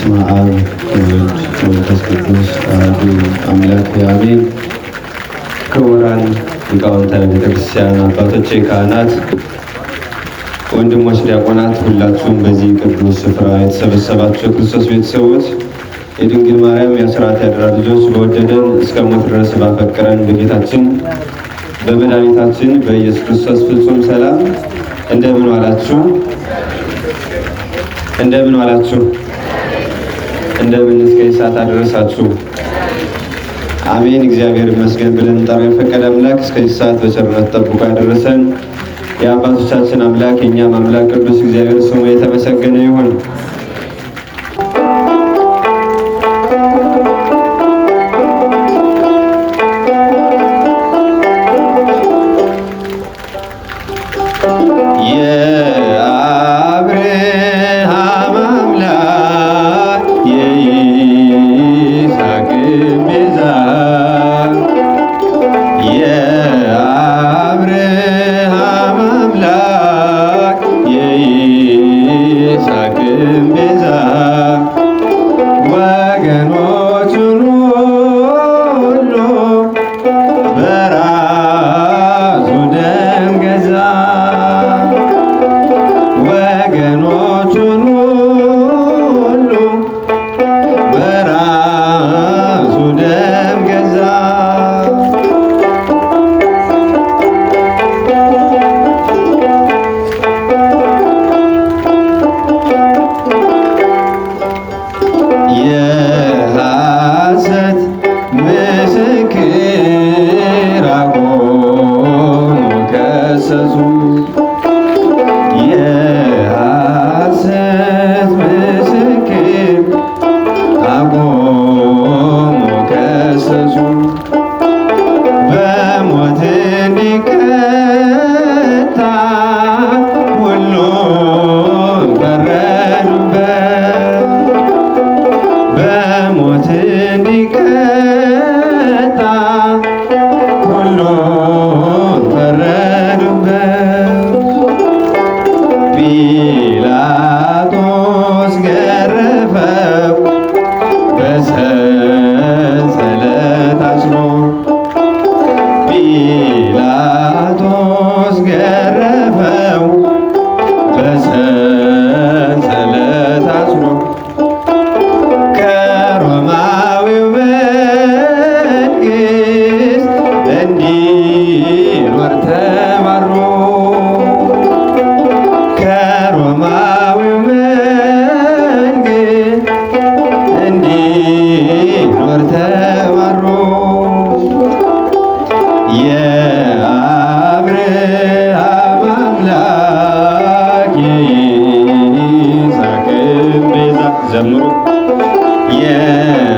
በስመ አብ ወወልድ ወመንፈስ ቅዱስ አሐዱ አምላክ አሜን። ክቡራን ሊቃውንተ ቤተክርስቲያን አባቶቼ፣ ካህናት፣ ወንድሞች ዲያቆናት፣ ሁላችሁም በዚህ ቅዱስ ስፍራ የተሰበሰባችሁ የክርስቶስ ቤተሰቦች የድንግል ማርያም የአስራት ያደራ ልጆች በወደደን እስከ ሞት ድረስ ባፈቀረን በጌታችን በመድኃኒታችን በኢየሱስ ክርስቶስ ፍጹም ሰላም እንደምን ዋላችሁ? እንደምን ዋላችሁ? እንደምን እስከ ሰዓት አደረሳችሁ። አሜን። እግዚአብሔር ይመስገን ብለን ጣም የፈቀደ አምላክ እስከዚህ ሰዓት በቸርነት ጠብቆ ያደረሰን የአባቶቻችን አምላክ የእኛም አምላክ ቅዱስ እግዚአብሔር ስሙ Allah. Yeah.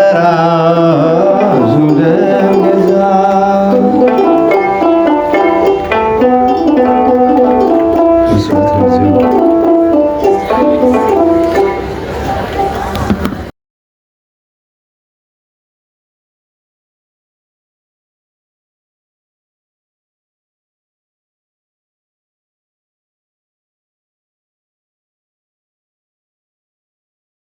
በራሱ ደም ገዛ